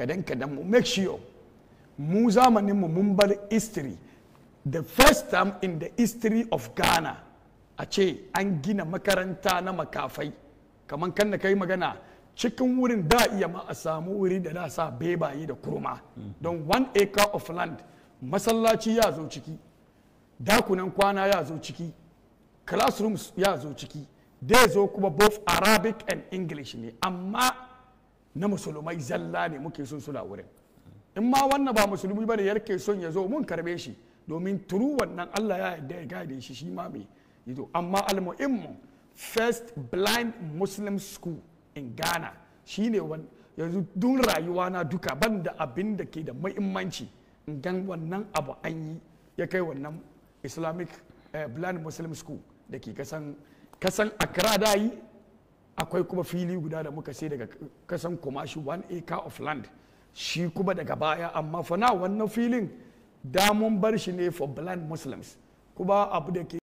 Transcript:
kadan kadan mu make sure mu zamanin mu mun bar history the first time in the history of ghana a ce an gina makaranta na makafai kamar kan da kai magana cikin wurin da iya ma a samu wuri da da sa bebaye da kurma don one acre of land masallaci ya zo ciki dakunan kwana ya zo ciki classrooms ya zo ciki dai zo kuma both arabic and english ne amma na musulmai zalla ne muke son suna wurin in ma wannan ba musulmi bane yarke son ya zo mun karbe shi domin turu wannan Allah ya yarda ya gade shi shi ma mai yazo amma almu'immu first blind muslim school in Ghana shine yanzu dun rayuwa na duka banda abin da ke da muhimmanci in gan wannan abu an yi ya kai wannan islamic eh, blind muslim school da ke kasan kasan Accra da yi akwai kuma fili guda da muka sai daga kasan kumashi one acre of land shi kuma daga baya amma fana wannan filin damun bar shi ne for blind muslims kuma abu da ke